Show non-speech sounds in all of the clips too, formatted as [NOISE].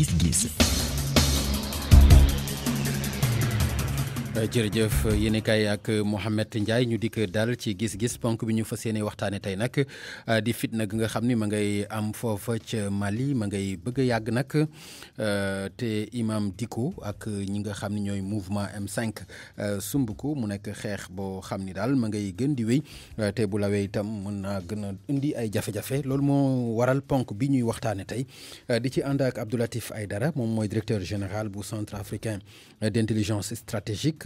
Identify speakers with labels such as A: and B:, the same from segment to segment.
A: esguicha.
B: jërëjëf yéen kay ak Mohamed Ndiaye ñu dikk dal ci gis-gis ponk bi ñu fas waxtane tay nak di fitna gi nga xamni ma ngay am fofu ci Mali ma ngay bëgg yag nak euh, te imam Diko, ak ñi nga xamni ñoy mouvement M5 euh, sumbuku mu nek xex bo xamni dal ma ngay gën di wéy euh, te bu lawee itam mën naa gëna indi ay jafé jafé lool mo waral ponk bi ñuy waxtane tay di ci and ak Abdoulatif Aydara mom moy directeur général bu Centre africain d'intelligence stratégique.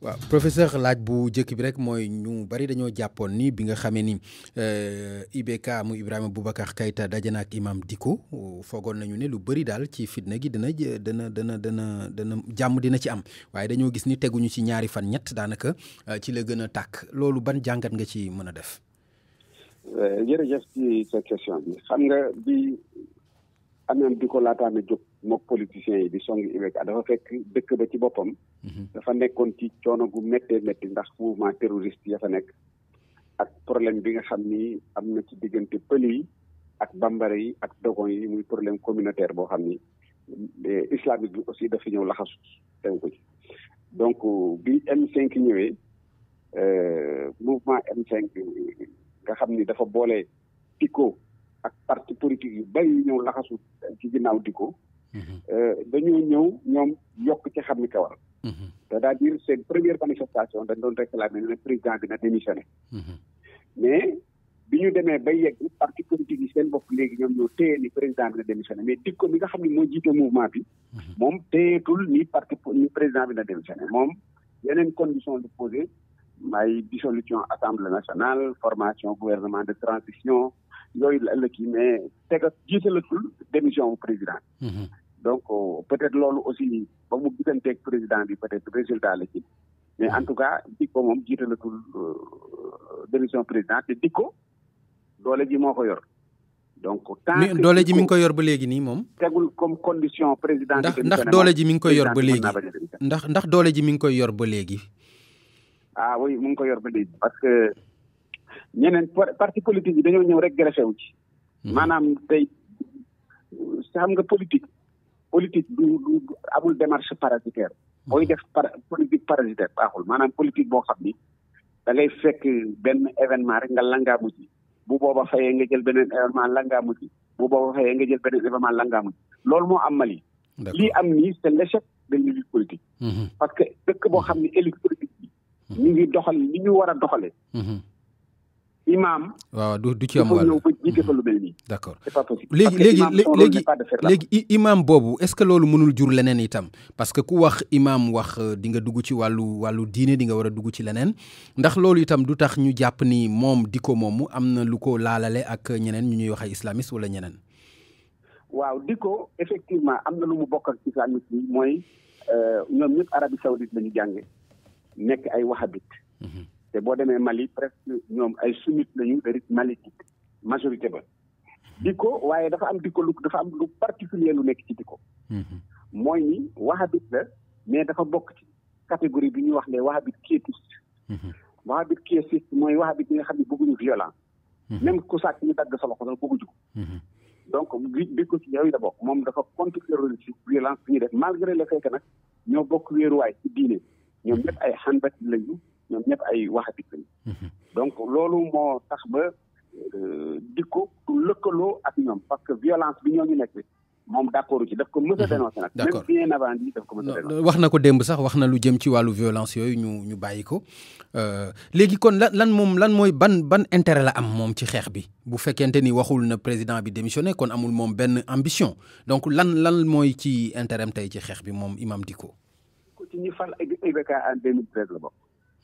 B: waaw professeur laaj bu njëkk bi rek mooy ñu bari dañoo jàppoon ni bi nga xamee ni euh, IBK mu Ibrahima Boubacar Keïta daje na ak Imam Dicko foogoon nañu ne lu bari daal ci fitna gi dana dana dana dana dana jàmm dina ci am waaye dañoo gis ni teguñu ci ñaari fan ñett daanaka euh, ci la gën a tàkk loolu ban jàngat nga ci mën a def.
A: Euh, xam nga bi Imam Dicko laataa na jóg mook politiciens yi di song IBK dafa fekk dëkk ba ci boppam. Mhm. dafa nekkoon ci coono gu méttee metti ndax mouvement terroriste ya fa nekk. ak problème bi nga xam ni am na ci diggante pël yi ak bambara yi ak dogon yi muy problème communautaire boo xam ni islamique bi aussi dafa ñëw laxasu tegu ko ci. donc bi M5 ñëwee euh, mouvement M5 nga xam ni dafa boole Tico ak parti politique yu bari yu ñëw laxasu ci ginnaaw Tico. Mhm. Euh, dañoo ñëw ñoom yokk ci xam li ko war. Mhm. c'est-à-dire seen première manifestation dañ doon réclamer ne président bi na démissionné. Mhm. mais bi ñu demee ba yegg parti politique yi seen bopp léegi ñoom ñoo téye ni président bi na démissionné mais dikko mi nga xam ne moo jiite mouvement bi. moom téyeetul ni parti ni président bi na démissionné moom yeneen condition de posé may dissolution assemblée nationale formation gouvernement de transition yooyu la ëllëg yi mais teg a jiitalatul démission du président. donc euh, peut-être loolu aussi ba mu gisanteeg président bi peut-être résultat la ci mais en tout cas dikko moom jiitalatul euh, démission président te dikko doole ji moo ko yor. donc tant doole ji mi ngi koy
B: yor ba léegi nii moom.
A: tegul comme condition président. ndax ndax doole ji mi ngi koy yor ba léegi
B: ndax ndax doole ji mi ngi koy yor ba léegi.
A: ah oui mu ngi ko yor ba léegi parce que ñeneen parti politique yi dañoo ñëw rek greffé wu ci. Mhm. maanaam tey xam nga politique. politique du du amul démarche parasitaire mhm. booy def par politique parasitaire baaxul maanaam politique boo xam ni da ngay fekk benn événement rek nga langaamu ci bu booba fayee nga jël beneen événement langaamu ci bu booba fayee nga jël beneen événement langaamu ci loolu moo am Mali lii am nii c'est l'échec de l'élite politique mhm. parce que dëkk boo xam ne mhm. élite politique bi ñu ngi doxal ni ñu war a doxalee imam
B: waaw du du ci am wàll
A: d' accord c' est léegi léegi léegi
B: léegi boobu est ce que loolu mënul jur leneen itam parce que ku wax imam wax euh, di dugg ci wàllu wàllu diine di nga war a dugg ci leneen ndax loolu itam du tax ñu jàpp ni moom di ko moomu am na lu ko laalale ak ñeneen ñu ñuy wax ay islamiste wala ñeneen
A: waaw di ko effectivement am na lu mu bokk ak islamiste mooy euh, ñoom ñëpp Arabie Saoudite la jànge nekk ay wahabit mm-hmm. te boo demee Mali presque ñoom ay sunnite lañu de rite malékite majorité ba dikko waaye dafa am dikko lu dafa am lu particulier lu nekk ci dikko mhm. mooy ni wahhabite la mais dafa bokk ci catégorie bi ñuy wax les wahhabites quiétistes mhm. wahhabite quiétiste mooy wahhabite yi nga xam ne bëgguñu violence mhm. même ku sàcc ñu dagg sa loxo sax bëgguñu ko donc dikko ci yi la bokk moom dafa contre terrorisme violence bi ñu def malgré le fait que nag ñoo bokk wéeruwaay ci diine ñoom ñëpp ay xanbat lañu ñoom ñëpp ay waxatik lañ mhm. donc loolu moo tax ba euh, dikku pour lëkkaloo ak ñoom parce que violence bi ñu nekk moom d' accord ci daf ko mës a mhm. dénoncé nag. même bien avant lii daf ko mës a dénoncé.
B: wax na ko démb sax wax na lu jëm ci wàllu violence yooyu ñu ñu bàyyi ko euh, léegi kon lan lan moom lan mooy ban ban intérêt la am moom ci xeex bi bu fekkente ni waxul na président bi démissionné kon amul moom benn ambition donc lan lan mooy ci intérêt am tey ci xeex bi moom Imam Dicko.
A: ku ci ñu fal EBK en 2013 la bokk.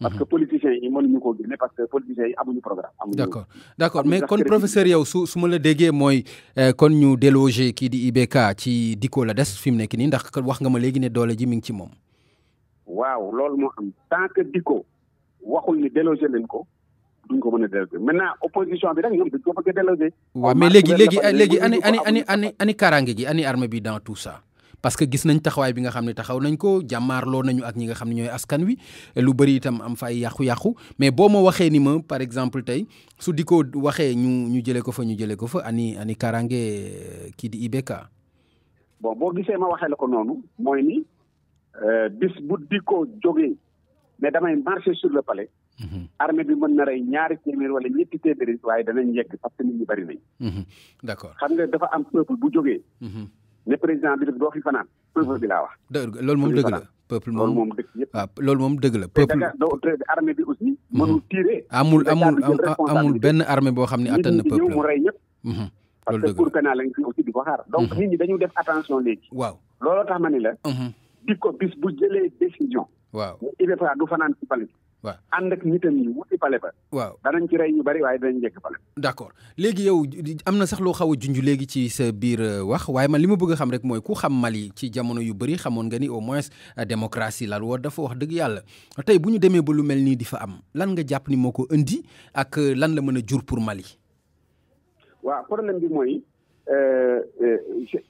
A: parce que mhm. politiciens yi mënuñu koo mais parce que politiciens yi amuñu programme. d'accord D'accord, mais kon
B: professeur yow su suma la déggee mooy eh, kon ñu délogé kii di IBK ci dikko la des fi mu nekk nii ndax wax nga ma léegi ne doole ji mi ngi ci moom.
A: waaw loolu moo am tant que dikko waxul ni délogé leen ko duñ ko mën a maintenant opposition bi rek ñoom duñ ko bëgg a déloger. waaw mais léegi léegi léegi ani ani
B: ani ani kaaraange gi ani armée bi dans tout ça. parce que gis nañ taxawaay bi nga xam ne taxaw nañ ko jàmmaarloo nañu ak ñi nga xam ne ñooy askan wi lu bëri itam am fa ay yàqu-yàqu mais boo ma waxee ni ma par exemple tey su di ko waxee ñu ñu jëlee ko fa ñu jëlee ko fa ani ani karange euh, kii di IBK.
A: bon ma waxee la ko noonu mooy ni euh, ko jógee mais damay marché sur le palais. Mhm. armée bi mën na rey ñaari téeméer wala waaye danañ yegg parce que nit mhm. xam nga dafa am bu jógee. Mhm. ne président bi def doo fi fanaan peuple bi laa wax.
B: dëgg loolu moom dëgg la. peuple moom loolu moom dëgg yëpp. waaw loolu moom dëgg la. peuple mhm.
A: amul amul
B: benn armée boo xam ne attan na peuple mu rey ñëpp. Mhm. parce que pour
A: donc mhm. nit ñi dañu def attention léegi. waaw looloo tax ma ni la. di ko bis bu jëlee décision. waaw IBEPA waaw ànd ak nitam yi wuti pale waaw danañ ci rey ñu bari waaye danañ njëkk pale.
B: d'accord léegi yow am na sax loo xaw a junj léegi ci sa biir euh, wax waaye man li ma bëgg a xam rek mooy ku xam Mali ci jamono yu bari xamoon nga ni au moins euh, démocratie lal war dafa wax dëgg yàlla tey bu ñu demee ba lu mel nii di fa am lan nga jàpp ni moo ko indi ak euh, lan la mën a jur pour Mali.
A: waaw problème bi mooy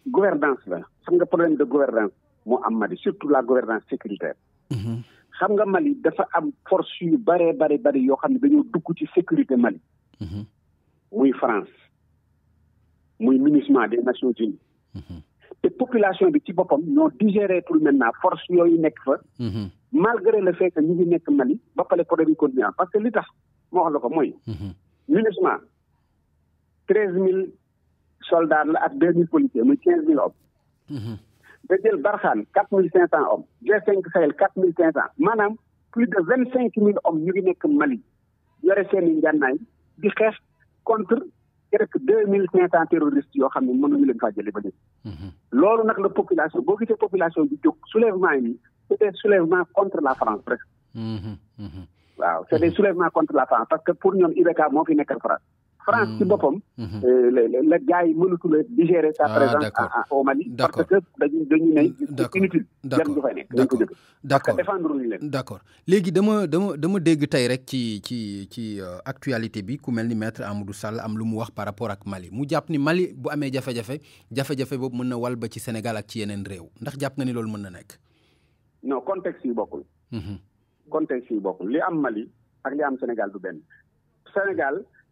A: gouvernance la xam nga problème de gouvernance moo am Mali surtout la gouvernance sécuritaire. Mhm. Les sais, qui ont été a à faire des qui ont été forcées à faire des choses La ont été forcées à faire France. Oui, le ministre des Nations Unies. Les mhm. populations de type comme nous ont digéré tout le monde, mhm. malgré le fait que nous sommes en Mali, nous ne sommes pas les train de faire Parce que nous sommes en train de faire Le ministre, 13 000 soldats à 2 000 policiers, 15 000 hommes. Mhm de jël 4 500 hommes, G5 Sahel 4 500, plus de 25 000 hommes ñu ngi nekk Mali yore seen i njànnaay contre rek 2500 terroristes yoo xam ne mënuñu leen faa ba mhm. la population beaucoup de population du soulèvement c'est un soulèvement contre la France
C: mhm, mhm.
A: C'est waaw soulèvement contre la France parce que pour nous, IBK moo fi la France. France ci hmm. boppam. Hmm. Euh, la gars yi mënatul di digérer sa ah, présence au Mali. parce que dañu dañu ne. inutile jarul du fay nekk d'accord ko jëkk. d' défendre ñu leen.
B: d' accord dama dama dama dégg tay rek ci ci ci euh, actualité bi ku melni maître Amadou Sall am lu mu wax par rapport ak Mali mu japp ni Mali bu amé jafé jafé jafé jafé boobu mëna na wal ba ci Sénégal ak ci yenen réew ndax japp nga ni loolu mëna nek
A: non contexte yi bokkul. Mhm. contexte yi bokul li am Mali ak li am Sénégal du ben Sénégal.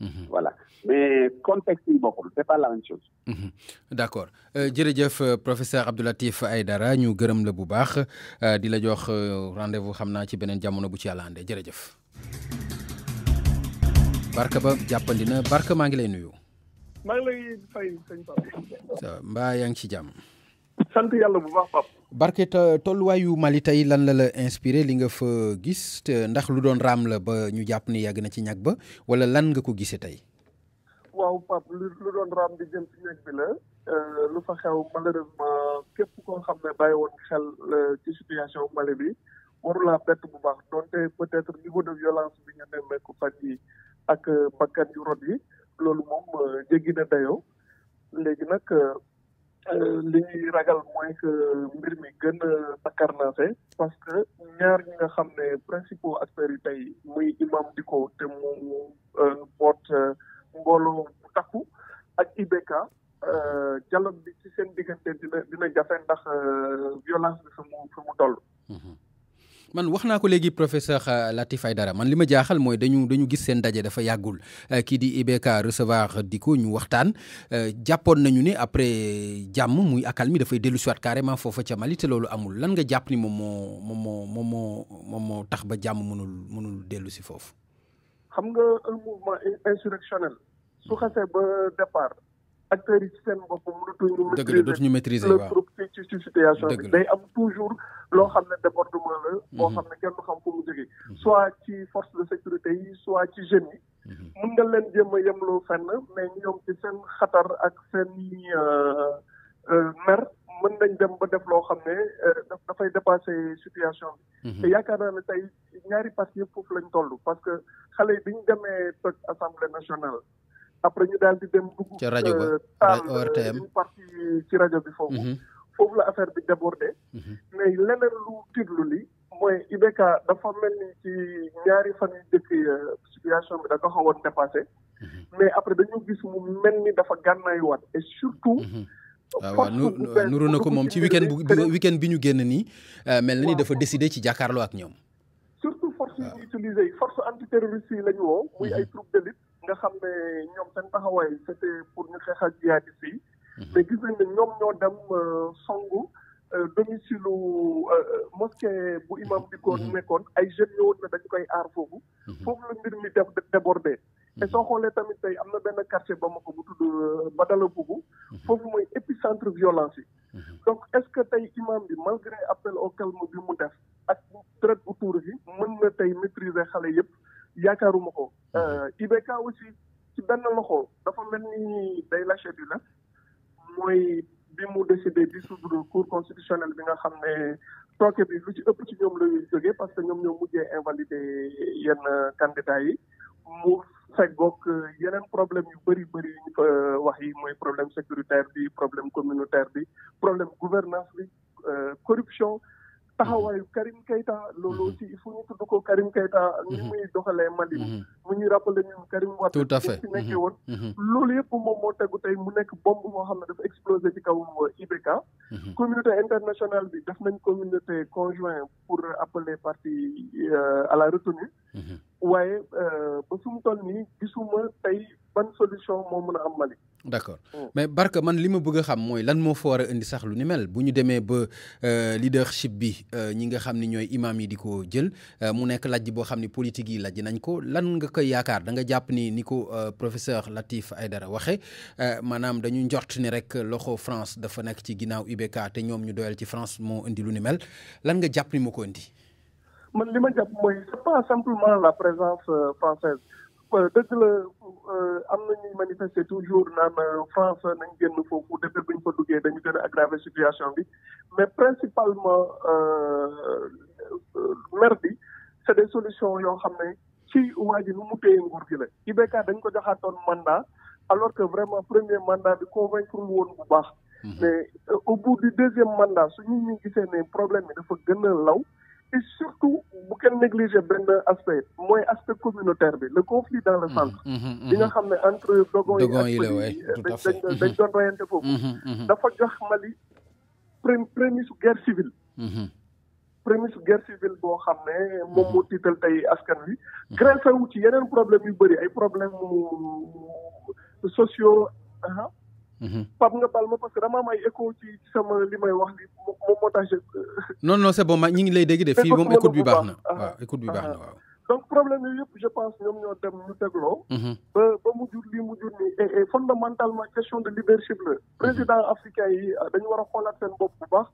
A: Mhm. voilà mais contexte ce n'est c'est pas la même chose. Mhm.
B: d'accord euh, jërëjëf euh, professeur Abdoulatif Aïdara, nous gërëm le bu baax euh, di jox rendez-vous xam naa ci beneen jamono bu ci yàlla àndee jërëjëf. barka ba jàppandi na barka maa ngi lay nuyu.
D: maa ngi lay fay
B: mbaa sant yàlla bu baax Pape. barke tolluwaayu Mali tey lan la la inspiré li nga fa gis ndax lu doon raam la ba ñu jàpp ni yàgg na ci ñag ba wala lan nga ko gisee tey.
D: waaw Pape lu doon raam di jëm ci ñag bi la. Euh, lu fa xew malheureusement képp koo xam ne bàyyi woon xel euh, ci situation Mali bi warulaa bett bu baax donte peut-être niveau de violence bi ñu nemmeeku fan yi ak euh, bakkan yu rot yi loolu moom jéggi na dayoo léegi nag. Euh, li ñuy ragal moo que mbir mi gën a sakkarnase parce que ñaar ñi nga xam ne principaux acteurs yi tey muy imam Dicko te mu euh, boot euh, mbooloo bu takku ak IBK dialogue bi ci seen diggante dina dina jafe ndax violence bi fi mu fi toll mhm.
B: man wax naa ko léegi professeur euh, Latif Aidara man li ma jaaxal mooy dañu dañu gis seen daje dafa yàggul euh, kii di IBK recevoir di ko ñu waxtaan euh, jàppoon nañu ne après jàmm muy accalmie dafay dellu si waat foofa ca Mali loolu amul lan nga jàpp ni moom moo moom moo moo moom moo tax ba jàmm mënul mënul dellu si foofu.
D: xam nga un mouvement insurrectionnel su xasee ba départ. acteurs yi ci seen bopp mënatuñu maîtriser dootuñu maîtriser le trop ci ci situation bi day am toujours loo xam ne débordement la mhm. boo xam ne kenn du xam fu mu jógee mhm. soit ci force de sécurité yi soit ci jeunes yi mën mhm. nga leen jéem a yemloo fenn mais ñoom ci seen xatar ak seen euh, euh, mer mën nañ dem ba def loo xam ne euh, dafay dépassé situation bi te yaakaar naa ne tey ñaari parti yëpp foofu lañ toll parce que xale yi bi ñu demee toog assemblée nationale après ñu daal di dem dugg. ca rajo ba euh, taal ci rajo bi foofu. Mhm. foofu la affaire bi débordé. Mhm. mais leneen lu tiglu li mooy IBK dafa mel ni ci ñaari fan yu njëkk euh, situation bi da ko xawoon dépassé. Mhm. mais après dañu gis mu mel ni dafa gànnaayuwaat et surtout.
B: Euh, ah, waaw nuru na ko moom ci week-end bu week bi ñu génn nii. mel na ni dafa décidé ci jàkkaarloo ak ñoom.
D: surtout force yi ñu utilisé force antiterroriste yi la ñu muy ay troupe d'élite nga ne ñoom c'était pour ñu faire ak jihadiste yi mhm. mais gis ñoo dem euh, songu euh, domicile euh, mosquée bu imam bi ko mhm. nekkoon ay jeunes ñëwoon dañ koy aar foofu mhm. foofu la mbir mi def débordé Et soo xoolee tamit tey am na quartier ba ko bu tudd Badalo épicentre violence donc est-ce que tey imam bi malgré appel au calme bi mu def ak traite autour yi na yaakaaruma ko. Mhm. Euh, IBK aussi ci benn loxo dafa mel ni day lâché bi la mooy bi mu décidé dissoudre cour constitutionnelle bi nga xam ne tooke bi lu ci ëpp ci ñoom la ñuy jógee parce que ñoom ñoo mujjee invalider yenn candidat yi mu feggoog yeneen problème yu bëri bëri yu ñu fa wax yi mooy problème sécuritaire bi problème communautaire bi problème gouvernance bi euh, corruption. taxawaayu mhm. Karim Keita loolu mhm. aussi il faut ñu tudd ko Karim Keita ni mhm. muy doxalee Mali mu ñuy rappelé ñun Karim Wade tout à loolu yëpp moom moo tegu tey mu nekk bombe moo xam ne dafa explosé ci kaw euh, IBK communauté internationale bi def nañ communauté conjoint pour appeler parti euh, à la retenue waaye euh, ba su toll nii gisuma tey ban solution moom mën a am Mali
B: d' accord mm. mais Barka man li ma bëgg xam mooy lan moo fa war a indi sax lu ni mel bu ñu demee ba euh, leadership bi euh, ñi nga xam ni ñooy imaam yi di ko jël euh, mu nekk lajj boo xam ni politique yi lajj nañ ko lan nga koy yaakaar da nga jàpp ni ni ko professeur Latif Aidara waxe maanaam dañu njort ni rek loxo France dafa nekk ci ginnaaw UBK te ñoom ñu doyal ci France moo indi lu ni mel lan nga jàpp ni moo ko indi.
D: man li ma jàpp mooy c'est pas simplement la présence Euh, dëgg la euh, am na ñuy manifester toujours naan euh, France nañ génn foofu depuis bu ñu fa duggee dañu gën a aggraver situation bi mais principalement mer bi c'est des solutions yoo xam ne ci waa ji nu mu téye nguur gi la. IBK dañ ko joxaatoon mandat alors que vraiment premier mandat bi convaincre woon bu baax. Mhm. mais au bout du deuxième mandat suñu ñu gisee ne problème bi dafa gën a law et surtout bu kenn négliger benn aspect mooy aspect communautaire bi le conflit dans le mmh, centre mmh, mmh, bi nga xam ne entre
C: dogon yi ak eh, dañ dañ doon
D: rayante foofu dafa jox Mali prémisse guerre civile prémisse guerre civile boo xam ne moom moo tiital tey askan wi greffé wu ci yeneen problème yu bëri ay problème euh, sociaux ah, Mhm. Pape nga baal ma parce que dama may ay écho ci sama li may wax li mo moo euh,
B: non non c'est bon ma ñi ngi lay dégg de [LAUGHS] fii moom ah, écoute bi baax na waaw ah. écoute bi baax na waaw.
D: donc problème yooyu yëpp je pense ñoom ñoo dem ñu tegloo. Mhm. ba ba mu jur lii mu jur nii et fondamentalement question de leadership la. Mhm. président africain yi ah, dañu war a xoolaat seen bopp bu baax.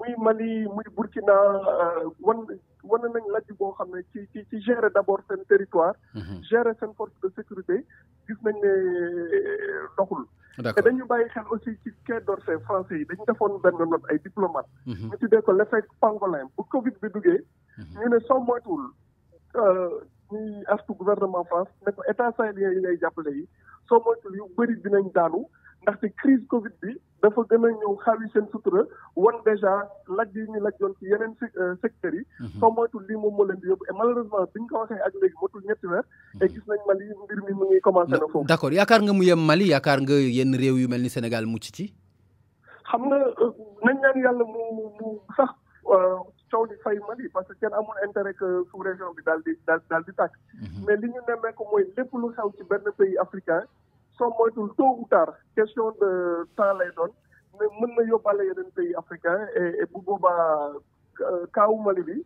D: muy Mali muy Burkina euh, wan wan nañ laj boo xam ne ci ci ci gérer d' abord seen territoire. gérer seen force de sécurité gis nañ ne euh, doxul. te dañu bàyyi xel aussi ci quai d'Orsay français yi dañu defoon benn note ay diplomate mhm. ñu tuddee ko l'effet pangolin bu Covid bi duggee. Mhm. ñu ne soo moytuwul euh, ñuy astu gouvernement France ne ko état sahélien yi ngay jàppale yi soo moytuwul yu bi dinañ daanu ndaxte crise Covid bi. dafa gën a ñëw xawi seen sutura wan dèjà laj yi ñu lajoon ci yeneen euh, secteurs yi mhm. soo moytul lii moom moo leen di yóbbu malheureusement bi ñu ko waxee ak léegi motul ñetti weer et gis nañ Mali mbir mi mu ngi commencé foofu d' yaakaar
B: nga mu yem Mali yaakaar nga yenn réew yu mel ni Sénégal mucc ci
D: xam nga euh, nañ ñaan yàlla mu mu sax euh, coow li fay Mali parce que kenn amul intérêt que sous région bi daal di daal di takk mhm. mais li ñu nemmeeku mooy lépp lu xew ci benn pays africain soo moytul tôt ou tard question de temps lay doon mais mën na yóbbaale yeneen pays africain et bu boobaa euh, kaawu Mali bi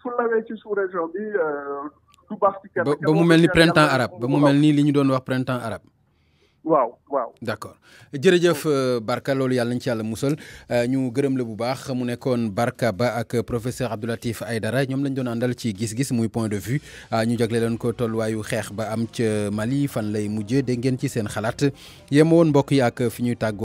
D: su lawee ci sous région bi euh, du baax ci kenn. ba mu mel ni printemps arabe ba mu mel
B: ni li ñu doon wax printemps
D: waaw waaw
B: D'accord. accord jërëjëf euh, Barka loolu yàlla nañ ci yàlla musal euh, ñu gërëm la bu baax mu nekkoon Barka Ba ak professeur Abdulatif Aydara, Aidara ñoom lañ doon àndal ci gis-gis muy point de vue euh, ñu jagle leen ko tolluwaayu xeex ba am ca Mali fan lay mujjee dégg ngeen ci seen xalaat yem mbokk yi ak fi ñuy tàggoo.